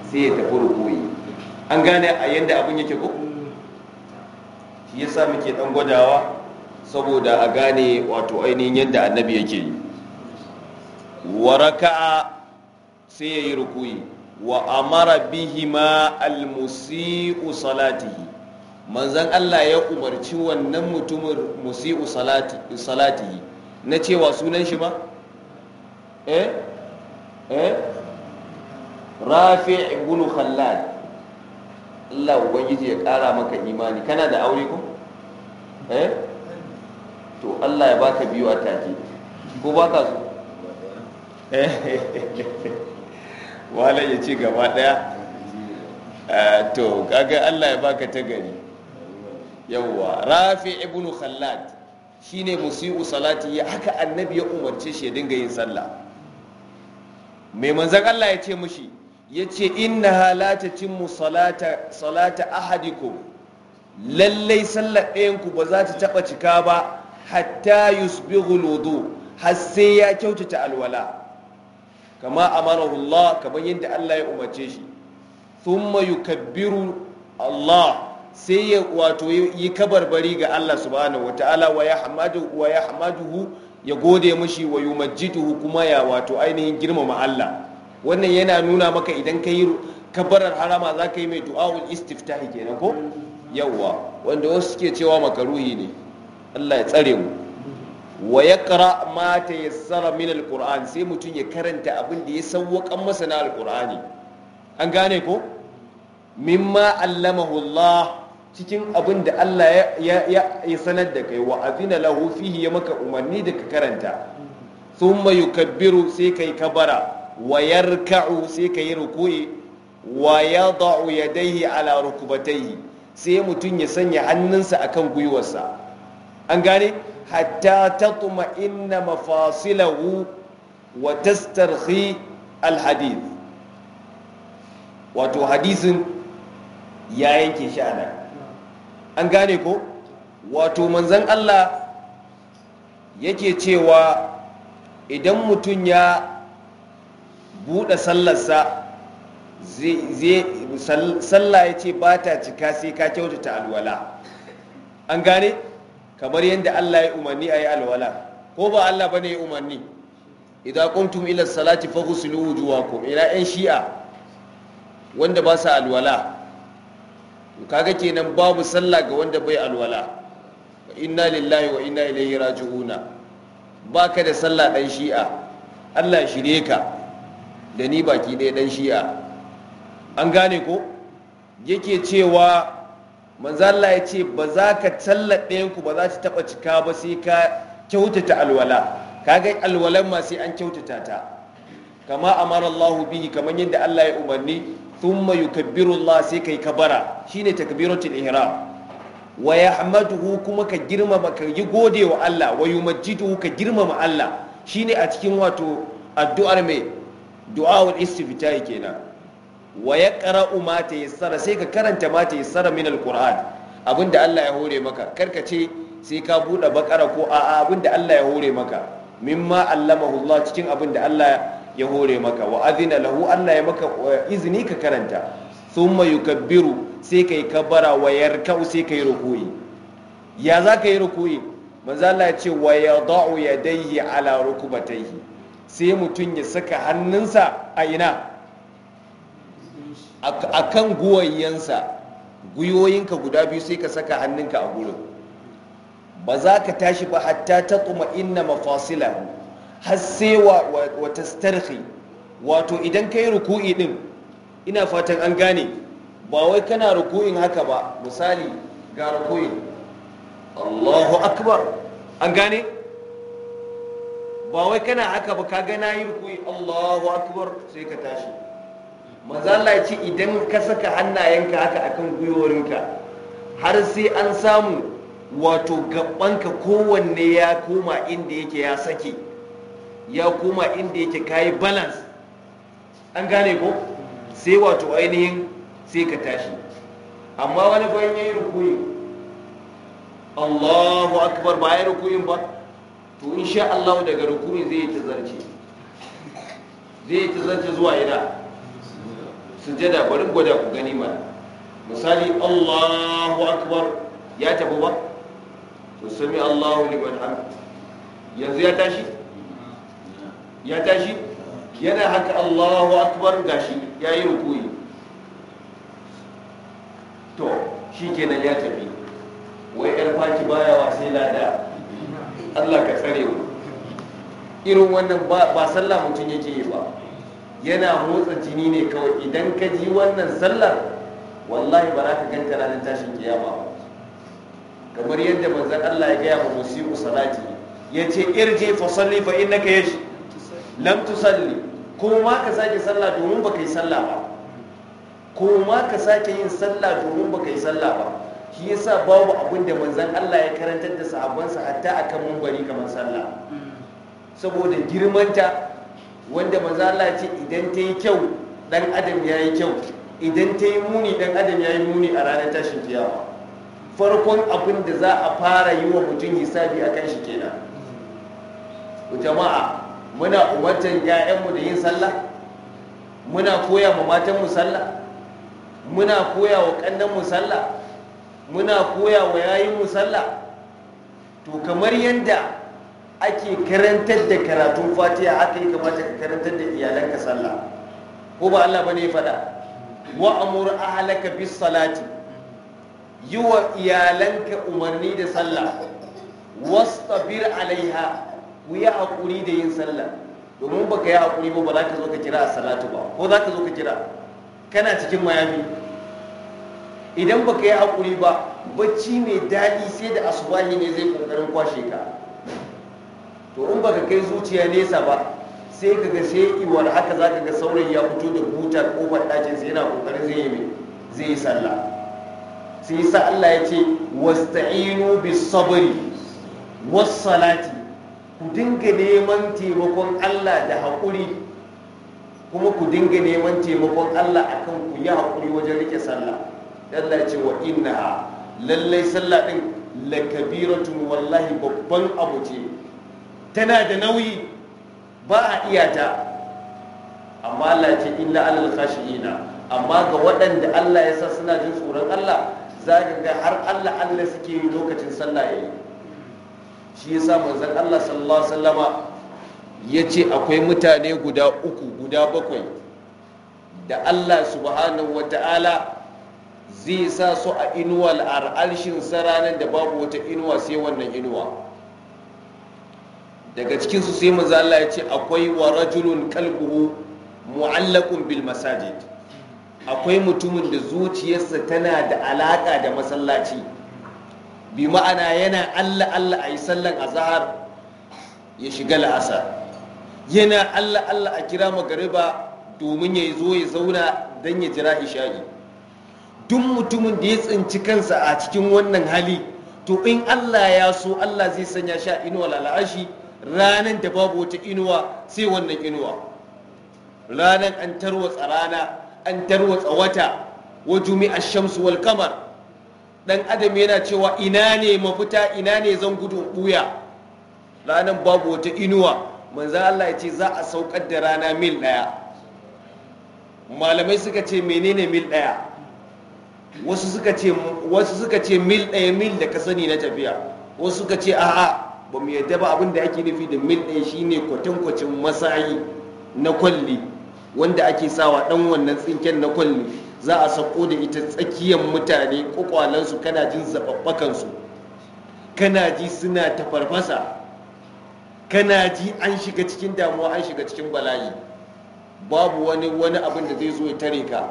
sai ya tafi rukuyi an gane a yadda abin yake ko shi yasa muke dan gwadawa saboda a gane wato ainihin yadda annabi yake yi waraka sai ya yi rukuyi wa amara bihima almusi'u salatihi manzon Allah ya umarci wannan mutumin musi'u salati salatihi na cewa sunan shi ba eh eh rafi' ibn khallad Allah ubangiji ya kara maka imani kana da aure ko eh to Allah ya baka biyu a take ko baka su? eh [laughs] wahala ya gaba daya eh, to kaga allah ya baka ta gari yawwa rafi ibn khallad shine musiu salati ya haka annabi ya umarce shi ya dinga yin sallah mai manzan allah ya ce mushi ya ce inna halata mu salata ahadikum lallai sallar ɗayanku ba za ta taɓa cika ba hatta yusbihu lodo har sai ya kyautata alwala kama amanahullah kaman yadda Allah ya umarce shi thumma yukabbiru Allah sai ya wato yi kabarbari ga Allah subhanahu wataala wa ya hamadu wa ya ya gode mishi wa yumajjiduhu kuma ya wato ainihin girmama Allah wannan yana nuna maka idan ka yi kabarar harama za ka yi mai du'a'ul istiftahi kenan ko yawwa wanda wasu suke cewa makaruhi ne Allah ya tsare mu wa ya ƙara mata ta min alƙur'an sai mutum ya karanta abin da ya sauwaƙan masa na alƙur'ani an gane ko mimma allamahu cikin abin da Allah ya sanar da kai wa azina lahu fihi ya maka umarni da ka karanta thumma kabiru sai kai kabara wa yarka'u sai kai ruku'i wa ya yadayhi ala rukubatai sai mutum ya sanya hannunsa akan gwiwarsa an gane hatta tatma'inna mafasilahu wa tastarhi alhadith wato hadisin ya yanke shi nan. an gane ko wato manzan Allah yake cewa idan mutum ya buɗe sallarsa sallah ya ce ba ta cika sai ka kyautata alwala an gane kamar yadda Allah ya umarni a yi alwala ko ba Allah ba ne ya umarni idan kuntum ila salati ghusilu wujuhakum ila yan shi'a wanda ba sa alwala to kaga kenan babu sallah ga wanda bai alwala inna lillahi wa inna ilaihi raji'una baka da sallah dan shi'a Allah shirye ka da ni baki ɗaya dan shi'a an gane ko yake cewa manzalla ya ce ba za ka tallaɗe ku ba za ta taɓa cika ba sai ka kyautata alwala kaga alwalan ma sai an kyautata ta kama amara Allah bihi kamar yadda Allah ya umarni thumma yukabbiru Allah sai kai kabara shine takbiratul ihram wa yahmaduhu kuma ka girmama ka yi gode wa Allah wa yumajjiduhu ka girmama Allah shine a cikin wato addu'ar mai du'a wal istiftahi kenan wa ya ƙara'u mata yi tsara, sai ka karanta mata yi tsara min alƙur'an abinda Allah ya hore maka karkace ce sai ka buɗe bakara ko a'a abinda Allah ya hore maka mimma allamahu Allah cikin abinda Allah ya hore maka wa azina lahu Allah ya maka izini ka karanta mai yukabbiru sai ka yi kabara wa rikau sai yi rukuyi ya za ka yi rukuyi manzo Allah ya ce wa yada'u yadayhi ala rukubatai sai mutum ya saka hannunsa a ina a kan guwayensa guyoyinka guda biyu sai ka saka hannunka a gurin ba za ka tashi ba hatta ta tsuma inna mafasila har sai wata tastarhi wato idan ka yi ruku'i din ina fatan an gane ba wai kana ruku'in haka ba misali ga ruku'i allahu akbar an gane ba wai kana haka ba ka gana yi ruku'i allahu akbar sai ka tashi mazala ce idan ka saka hannayenka haka akan gwiwarinka har sai an samu wato gabanka kowanne ya koma inda yake ya sake ya koma inda yake kayi balance an gane ko sai wato ainihin sai ka tashi amma wani bayan ya yi rukuyi allahu akbar ba ya rukuyin ba to insha allahu daga rukuyin zai yi ta zarce zai yi ta zarce zuwa ina sujada bari gwada ku gani mana misali Allahu akbar ya tafi ba to sami Allahu liman hamd yanzu ya tashi ya tashi yana haka Allahu akbar gashi ya yayi rukuyi to shi kenan ya tafi wai yar faki baya wa sai lada Allah ka tsare mu irin wannan ba sallah mutum yake yi ba yana motsa jini ne kawai idan ka ji wannan sallar wallahi ba za ka ganta ranar tashin kiyama ba kamar yadda manzan Allah ya gaya mu musiku salati ya ce irje fa salli fa innaka yashi lam tusalli ko ma ka sake sallah domin baka yi sallah ba ko ma ka sake yin sallah domin baka yi sallah ba shi yasa babu abin da manzan Allah ya karantar da sahabbansa hatta akan mumbari kamar sallah mm. saboda girmanta wanda maza Allah ce idan ta yi kyau dan adam ya yi kyau idan ta yi muni dan adam ya yi muni a ranar tashin kiyama farkon abin da za a fara yi wa mutum hisabi a kan shi kenan jama'a muna umartan 'ya'yanmu da yin sallah muna koya ma matanmu sallah muna koya wa mu sallah muna koya wa yayinmu sallah to kamar yadda ake karantar da karatun fatiha haka yi kamata ka karantar da iyalanka sallah ko ba Allah bane ya faɗa wa amur ahlaka bis salati yuwa iyalanka umarni da sallah wastabir alaiha ku yi haƙuri da yin sallah domin ba ka yi haƙuri ba ba za ka zo ka kira a salatu ba ko za ka zo ka kira kana cikin mayami idan ba ka yi haƙuri ba bacci mai daɗi sai da asubahi ne zai ƙoƙarin kwashe ka to in baka kai zuciya nesa ba sai ka ga sai haka za ka ga saurayi ya fito da butar kofar ɗakin sai yana kokarin zai yi zai yi sallah sai yasa Allah ya ce wasta'inu bis sabri ku dinga neman taimakon Allah da haƙuri kuma ku dinga neman taimakon Allah akan ku yi haƙuri wajen rike sallah Allah ya ce wa inna lallai sallah ɗin lakabiratun wallahi babban abu ce tana da nauyi ba a iya ta amma Allah ce illa alal khashiina amma ga waɗanda Allah ya sa suna jin tsoron Allah za ka ga har Allah Allah suke yi lokacin sallah yayi shi yasa manzon Allah sallallahu alaihi wasallama yace akwai mutane guda uku guda bakwai da Allah subhanahu wata'ala zai sa su a inuwa sa ranar da babu wata inuwa sai wannan inuwa daga cikin su sai manzo Allah ya ce akwai wa rajulun kalbuhu mu'allaqun bil masajid akwai mutumin da zuciyarsa tana da alaka da masallaci bi ma'ana yana Allah Allah ayi sallan azhar ya shiga la'asar yana Allah Allah a kira magariba domin ya zo ya zauna dan ya jira isha'i duk mutumin da ya tsinci kansa a cikin wannan hali to in Allah ya so Allah zai sanya sha inuwa al'ashi ranan da babu wata inuwa sai wannan inuwa ranan an tarwatsa rana an tarwatsa wata wa jumi'a shamsu wal kamar dan adam yana cewa ina ne mafita ina ne zan gudun buya ranan babu wata inuwa manzan Allah ya ce za a saukar da rana mil daya malamai suka ce menene mil daya wasu suka ce mil daya mil da ka sani na tafiya wasu suka ce a'a ba mu yadda ba abin da ake nufi da mil ɗin shine kwatankwacin masayi na kwalli wanda ake sawa ɗan wannan tsinken na kwalli za a sako da ita tsakiyar mutane kwakwalansu kana jin zaɓaɓɓakansu kana ji suna tafarfasa kana ji an shiga cikin damuwa an shiga cikin balayi, babu wani wani abin da zai zo ya tare ka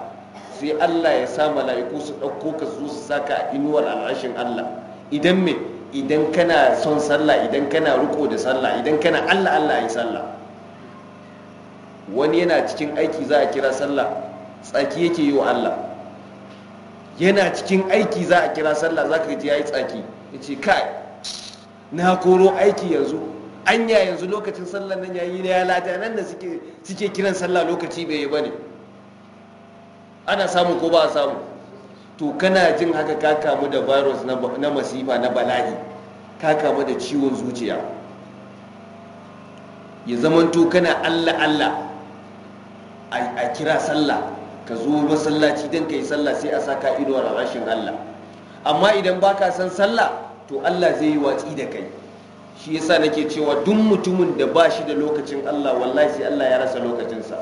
sai allah ya sa mala'iku su ɗauko ka su saka a inuwar al'ashin allah idan me idan kana son sallah idan kana riko da sallah idan kana allah allah yi sallah wani yana cikin aiki za a kira sallah tsaki yake yi wa allah yana cikin aiki za a kira sallah za ka ji ya yi tsaki ya ce kai na koro aiki yanzu anya yanzu lokacin sallah nan yayi na ya nan da suke kiran sallah lokaci bai yi ba ne ana samu ko ba a samu to kana jin haka ka kamu da virus na masifa na bala'i ka kamu da ciwon zuciya ya zama to kana allah allah a kira sallah ka zo masallaci don ka yi sallah sai a saka ido a rashin allah amma idan baka san sallah to allah zai yi watsi da kai shi yasa nake cewa duk mutumin da ba shi da lokacin allah wallahi sai allah ya rasa lokacinsa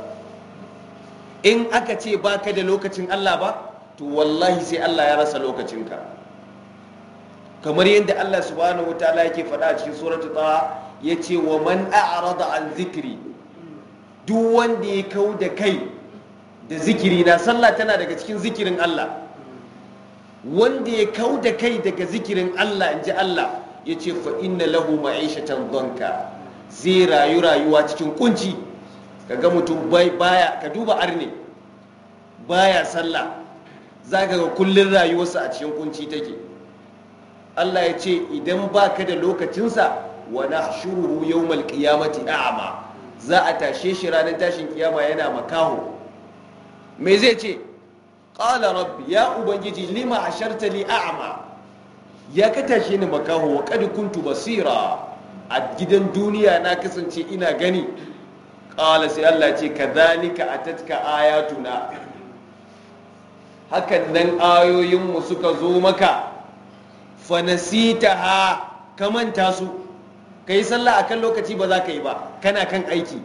in aka ce ba ka da lokacin allah ba to wallahi sai Allah ya rasa lokacinka kamar yadda Allah subhanahu wataala yake faɗa a cikin suratul Ya yace wa man a'rada an zikri duk wanda ya kau da kai da zikiri na sallah tana daga cikin zikirin Allah wanda ya kau da kai daga zikirin Allah inji Allah yace fa inna lahu ma'ishatan dhanka zai rayu rayuwa cikin kunci kaga mutum baya ka duba arne baya sallah za ka ga kullum rayuwarsa a cikin kunci take Allah ya ce idan ba ka da lokacinsa Wani na shuruhu yawmal a'ama, za a tashe shi ranar tashin kiyama yana makaho me zai ce qala rabbi ya ubangiji lima shartali a'ma ya ka tashe ni makaho wa kuntu basira a gidan duniya na kasance ina gani ƙala sai Allah ce ya ce kadhalika aya ayatuna hakan nan ayoyinmu suka zo maka fanasita ha ka manta su ka yi sallah a kan lokaci ba za ka yi ba kana kan aiki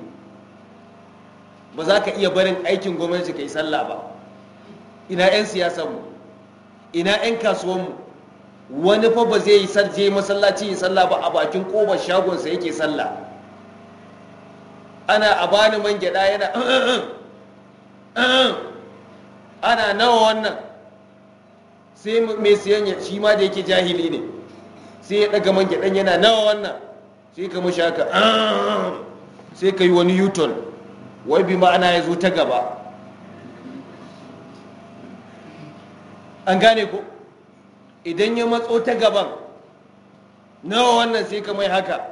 ba za ka iya barin aikin gwamnati ka yi sallah ba ina 'yan siyasanmu ina 'yan kasuwanmu wani fa ba zai yi masallaci yi sallah ba a bakin ƙofar shagonsa yake sallah ana a bani man gyada yana ana nawa wannan sai mai siyan ya shi ma da yake jahili ne sai ya daga man gyaɗan yana nawa wannan sai ka mushi haka sai ka yi wani yuton wai bi ma'ana ya zo ta gaba an gane ko idan ya matso ta gaban nawa wannan sai ka mai haka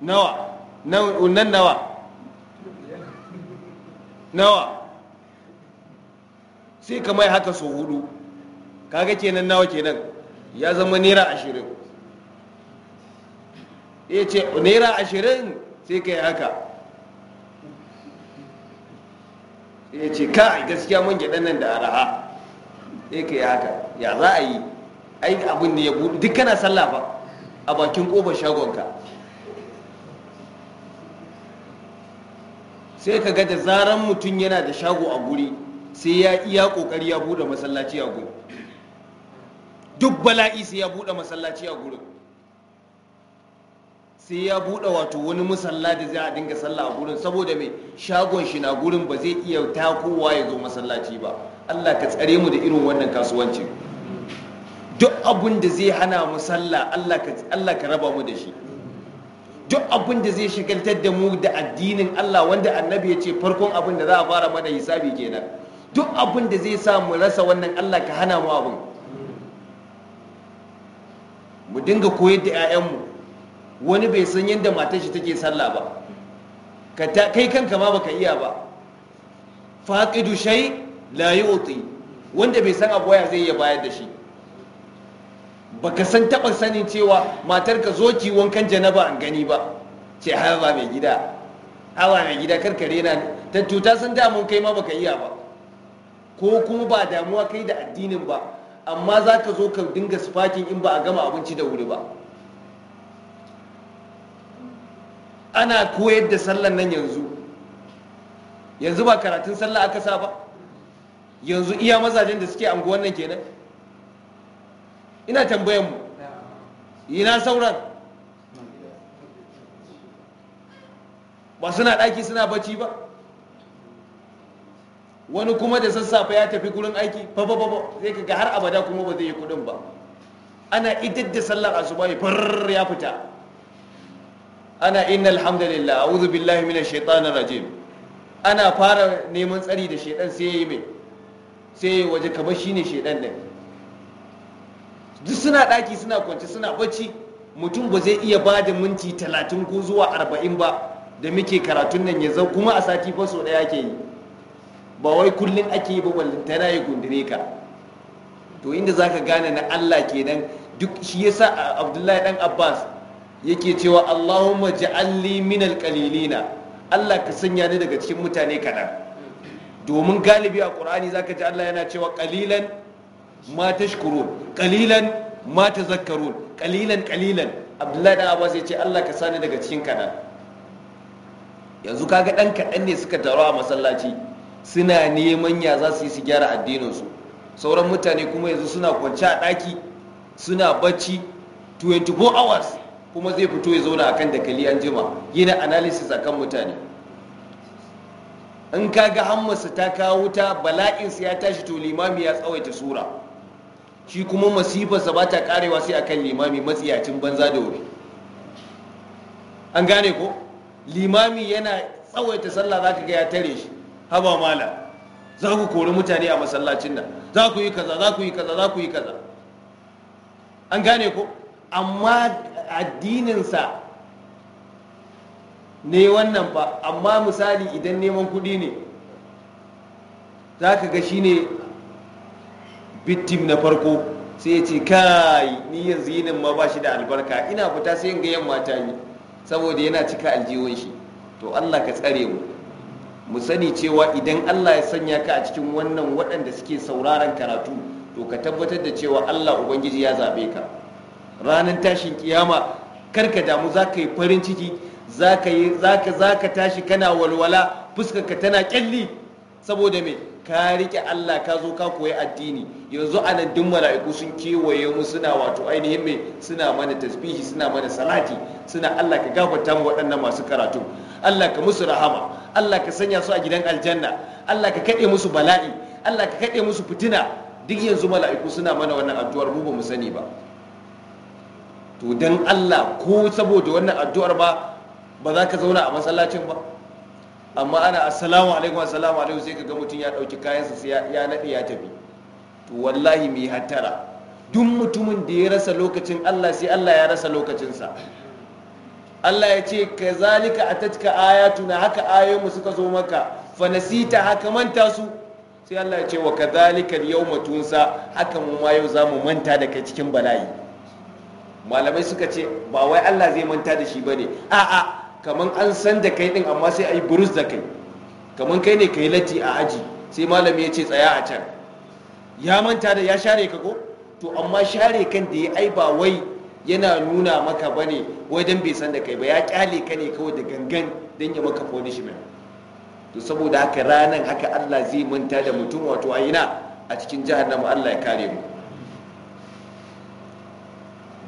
nawa nan nawa nawa sai ka mai haka sau hudu kaga kenan nawa kenan ya zama naira ashirin ya ce naira ashirin sai ka yi haka ya ce ka gaskiya man gyaɗan nan da araha sai ka yi haka ya za a yi ai abin da ya buɗe duk kana sallah ba a bakin ƙofar shagonka sai ka ga da zaran mutum yana da shago a guri sai ya iya kokari ya bude masallaci a gurin duk bala'i sai ya bude masallaci a gurin sai ya bude wato wani musalla da za a dinga sallah a gurin saboda mai shagon shi na gurin ba zai iya takowa ya zo masallaci ba Allah ka tsare mu da irin wannan kasuwanci duk abin da zai hana mu sallah Allah ka raba mu da shi duk abin da zai shigaltar da mu da addinin Allah wanda annabi ya ce farkon abin da za a fara mana hisabi kenan duk abin da zai sa mu rasa wannan Allah ka hana mu abin mu dinga koyar da 'ya'yanmu wani bai san yadda matar shi take sallah ba kai kanka ma baka iya ba faqidu shay la yuti wanda bai san abu waya zai iya bayar da shi baka san taba sanin cewa matar ka zo ki wankan janaba an gani ba ce hawa mai gida hawa mai gida karkare na ta cuta sun da mun kai ma baka iya ba ko kuma ba damuwa kai da addinin ba amma za ka zo ka dinga sifakin in ba a gama abinci da wuri ba ana koyar da sallan nan yanzu yanzu ba karatun sallah aka sa ba yanzu iya mazajen da suke anguwan nan kenan ina tambayan mu ina sauran ba suna ɗaki suna bacci ba wani kuma da sassafe ya tafi gurin aiki fa zai kaga har abada kuma ba zai yi kudin ba ana idar da sallar asuba ne far ya fita ana inna alhamdulillah a wuzu billahi mina shaitanir rajim ana fara neman tsari da shaitan sai ya yi mai sai waje kamar shine shaitan ne. duk suna daki suna kwance suna bacci mutum ba zai iya ba da minti talatin ko zuwa arba'in ba da muke karatun nan ya zau, kuma a sati fa so daya ke yi ba wai kullum ake yi ba wallantana yi gundure ka to inda za ka gane na Allah kenan duk shi ya yasa Abdullahi dan Abbas yake cewa Allahumma ja'alli minal qalilina Allah ka sanya ni daga cikin mutane kaɗan domin galibi a za ka ji Allah yana cewa ƙalilan ma shukurun, ƙalilan ma zakarun, ƙalilan, ƙalilan, Abdullahi dan Abbas ya ce, Allah ka sani daga cikin kaɗan yanzu kaga ɗan kaɗan ne suka taru a masallaci suna neman ya za su yi su gyara addininsu sauran mutane kuma yanzu suna kwanci a ɗaki suna bacci 24 hours kuma zai fito ya zauna akan dakali an jima yana analysis akan mutane in ka ga hammasu ta kawo wuta bala'insu ya tashi to limami ya tsawaita sura shi kuma masifarsa ba ta karewa sai akan limami matsiyacin banza da wuri an gane ko limami yana tsawaita sallah za ka ga ya tare shi haba mala za ku kori mutane a masallacin nan za ku yi kaza za ku yi kaza za ku yi kaza an gane ko amma addininsa ne wannan ba amma misali idan neman kuɗi ne za ka ga shi ne bitim na farko sai ya ce kai ni yanzu yi ma ba shi da albarka ina fita sai in ga yamma ta saboda yana cika aljiwon shi to allah ka tsare mu mu sani cewa idan Allah ya sanya ka a cikin wannan waɗanda suke sauraron karatu to ka tabbatar da cewa Allah ubangiji ya zabe ka ranar tashin kiyama kar ka damu za ka yi farin ciki za ka tashi kana walwala fuskarka tana kyalli saboda me ka rike Allah ka zo ka koyi addini yanzu anan duk mala'iku sun kewaye mu suna wato ainihin mai suna mana tasbihi suna mana salati suna Allah ka gafarta mu waɗannan masu karatu Allah ka musu rahama Allah ka sanya su a gidan aljanna Allah ka kaɗe musu bala'i Allah ka kaɗe musu fitina duk yanzu mala'iku suna mana wannan addu'ar mu ba mu sani ba to dan Allah ko saboda wannan addu'ar ba ba za ka zauna a masallacin ba amma ana assalamu alaikum assalamu alaikum sai kaga mutum ya dauki kayansa sai ya nade ya tafi to wallahi mai hattara duk mutumin da ya rasa lokacin Allah sai Allah ya rasa lokacinsa Allah ya ce ka zalika a ayatuna haka ayoyinmu suka zo maka fanasita haka manta su sai Allah ya ce wa ka yawma yau tunsa haka mu ma yau zamu mu manta da kai cikin bala'i malamai suka ce ba wai Allah zai manta da shi ba ne a'a kamar an san da kai din amma sai a yi burus da kai kamar kai ne kai latti a aji sai malami ya ce tsaya a can ya manta da ya share ka ko to amma share kan da ya ai ba wai yana nuna maka ba ne wajen bai san da kai ba ya kyale ka ne kawai da gangan don ya maka punishment to saboda haka ranan haka Allah zai manta da mutum wato a ina a cikin jihar nama Allah ya kare mu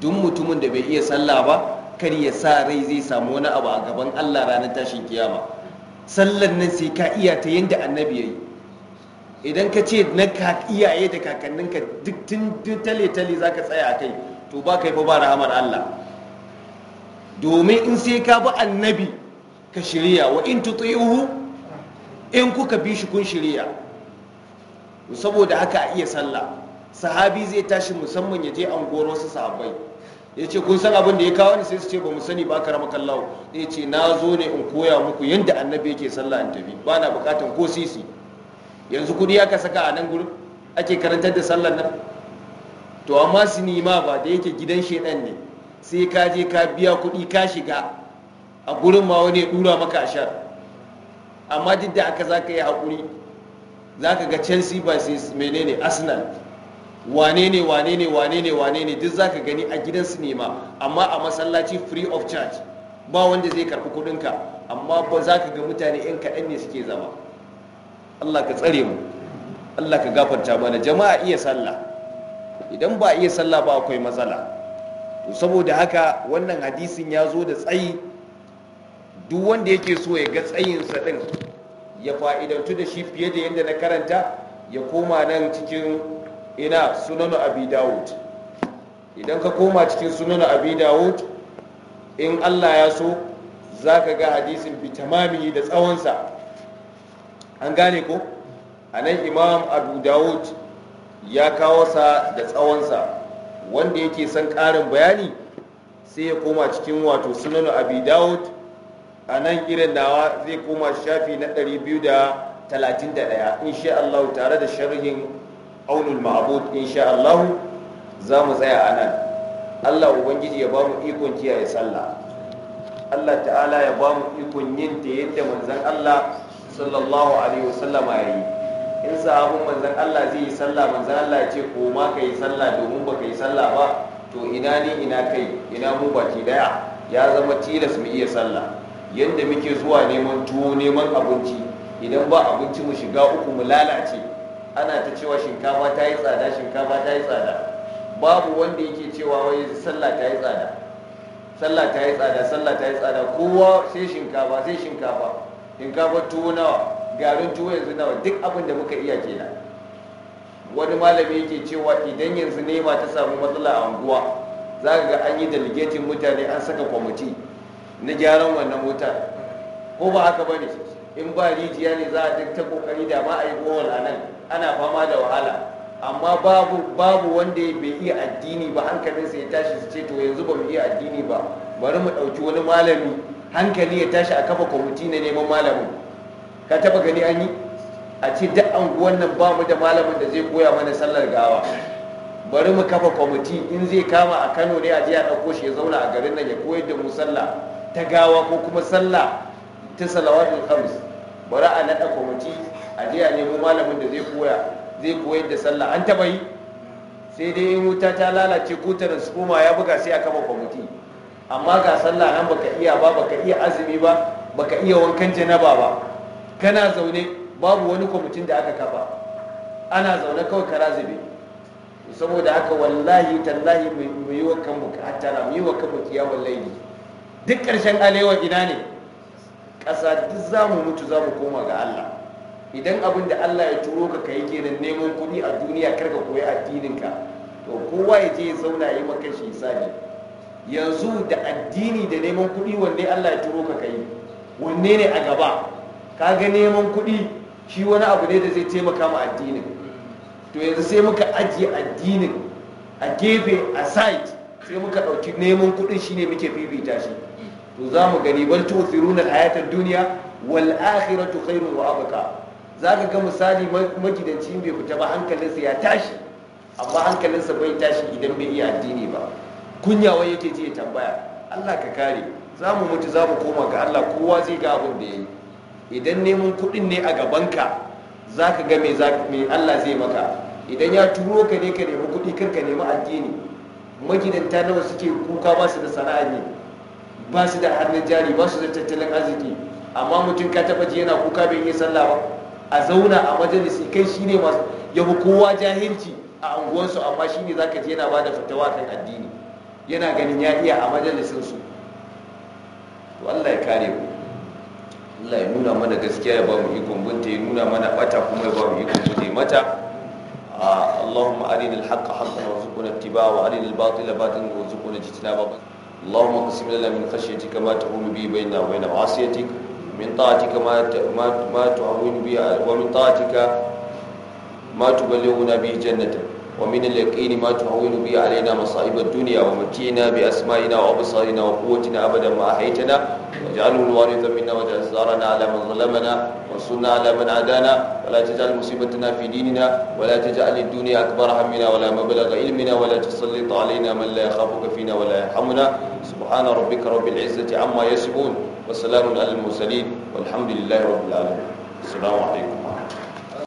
duk mutumin da bai iya sallah ba kar ya sa rai zai samu wani abu a gaban Allah ranar tashin kiyama sallan nan sai ka iya ta yadda annabi ya yi idan ka ce na iyaye da kakanninka duk tun tale-tale za ka tsaya a kai to ba ka yi fa ba rahamar Allah domin in sai ka bi annabi ka shirya wa in tuti'uhu in kuka bi shi kun shirya saboda haka a iya sallah sahabi zai tashi musamman ya je an goro su sahabbai ya ce kun san abin da ya kawo ni sai su ce ba mu sani ba ka rama kallawo ya ce na zo ne in koya muku yadda annabi yake sallah in tafi ba na bukatan ko sisi yanzu kudi ya ka saka a nan gurin ake karantar da sallar nan to amma nima ba da yake gidan shedan ne sai ka je ka biya kudi ka shiga a gurin ma wani ya dura maka ashar amma duk da aka za ka yi haƙuri za ka ga chelsea ba sai menene arsenal wane ne wane ne wane ne wane ne duk zaka gani a gidan sinima amma a masallaci free of charge ba wanda zai karɓi kuɗinka amma ba za ka ga mutane 'yan kaɗan ne suke zama allah ka tsare mu allah ka gafarta mana jama'a iya sallah idan ba iya sallah ba akwai matsala to saboda haka wannan hadisin ya zo da tsayi duk wanda yake so ya ga tsayinsa ɗin ya fa'idantu da shi fiye da yadda na karanta ya koma nan cikin ina sunanu abi dawud idan ka koma cikin sunanu abi dawud in allah ya so za ka ga hadisin bi tamami da tsawonsa an gane ko a nan imam abu dawud ya kawo sa da tsawonsa wanda yake son ƙarin bayani sai ya koma cikin wato sunanu abi dawud a nan irin nawa zai koma shafi na 231 In allahu tare da sharhin aunul ma'abud insha Allah za mu tsaya a nan Allah ubangiji ya ba mu ikon kiyaye sallah Allah ta'ala ya ba mu ikon yin ta yadda manzan Allah sallallahu alaihi wasallama ya yi in sahabin manzan Allah zai yi sallah manzan Allah ya ce ko ma ka yi sallah domin ba ka yi sallah ba to ina ni ina kai ina mu ba ki daya ya zama tilas mu iya sallah yadda muke zuwa neman tuwo neman abinci idan ba abinci mu shiga uku mu lalace ana ta cewa shinkafa ta yi tsada shinkafa ta yi tsada babu wanda yake cewa wai sallah ta yi tsada sallah ta yi tsada sallah ta yi tsada kowa sai shinkafa sai shinkafa shinkafa tuwo nawa garin tuwo yanzu nawa duk abin da muka iya kenan wani malami yake cewa idan yanzu nema ta samu matsala a unguwa za ga an yi delegatin mutane an saka kwamiti na gyaran wannan wutar ko ba haka ba ne in ba rijiya ne za a duk ta kokari da ma a yi bohol a nan ana fama da wahala amma babu babu wanda bai iya addini ba hankalinsa ya tashi su ce to yanzu ba mu iya addini ba bari mu ɗauki wani malami hankali ya tashi a kafa kwamiti na neman malamin ka taba gani an yi a ce duk anguwan nan ba mu da malamin da zai koya mana sallar gawa bari mu kafa kwamiti in zai kama a kano ne a je a ɗauko shi ya zauna a garin nan ya koyar da mu sallah ta gawa ko kuma sallah ta salawatul khams bari a naɗa kwamiti a jiya a nemo malamin da zai koya zai koyar da sallah an taba yi sai dai in wuta ta lalace su koma ya buga sai a kama kwamiti amma ga sallah nan baka iya ba baka iya azumi ba baka iya wankan janaba ba kana zaune babu wani kwamitin da aka kafa ana zaune kawai kara zube saboda haka wallahi tallahi mu yi wa kanmu hatta mu yi wa kanmu ne duk ƙarshen alewa ina ne ƙasa duk za mu mutu za mu koma ga Allah idan abin da Allah ya turo ka kai kenan neman kuɗi a duniya kar ka koyi addinin ka to kowa ya je ya zauna yi maka shi hisabi yanzu da addini da neman kuɗi wanne Allah ya turo ka kai wanne ne a gaba ka ga neman kuɗi shi wani abu ne da zai taimaka ma addinin to yanzu sai muka ajiye addinin a gefe a site sai muka ɗauki neman kuɗin shine muke fifita shi to za mu gani bal tu'thiruna al-hayata ad-dunya wal akhiratu khairun wa abqa za ka ga misali magidanci bai fita ba hankalinsa ya tashi amma hankalinsa bai tashi idan bai iya addini ba kunya wai yake ji ya tambaya Allah ka kare za mu mutu za mu koma ga Allah kowa zai ga abin da ya yi idan neman kuɗin ne a gabanka za ka ga mai Allah zai maka idan ya turo ka ne ka nemi kuɗi kar ka nemi addini magidanta nawa suke kuka ba su da sana'a ne ba su da hannun jari ba su da tattalin arziki amma mutum ka taɓa ji yana kuka bai yi sallah ba a zauna a majalisi kai shi ne masu yabu kowa jahilci a unguwarsu amma shi shine zaka je yana ba da fitawa kan addini yana ganin ya iya a majalisin su to Allah ya kare mu Allah ya nuna mana gaskiya ya ba mu ikon binta ya nuna mana bata kuma ya ba mu ikon guje mata اللهم أرنا الحق حقا وارزقنا اتباعه وأرنا الباطل باطلا وارزقنا اجتنابه اللهم اقسم لنا من خشيتك ما تقوم به بيننا وبين معصيتك من طاعتك ما ما ما تعون بها ومن طاعتك ما تبلغنا به جنتك ومن اليقين ما تعون به علينا مصائب الدنيا ومتينا بأسمائنا وأبصارنا وقوتنا أبدا ما أحيتنا واجعله الوارث منا وجزارنا على من ظلمنا وانصرنا على من عادانا ولا تجعل مصيبتنا في ديننا ولا تجعل الدنيا أكبر همنا ولا مبلغ علمنا ولا تسلط علينا من لا يخافك فينا ولا يرحمنا سبحان ربك رب العزة عما يصفون وسلام على المرسلين والحمد لله رب العالمين السلام عليكم ورحمه الله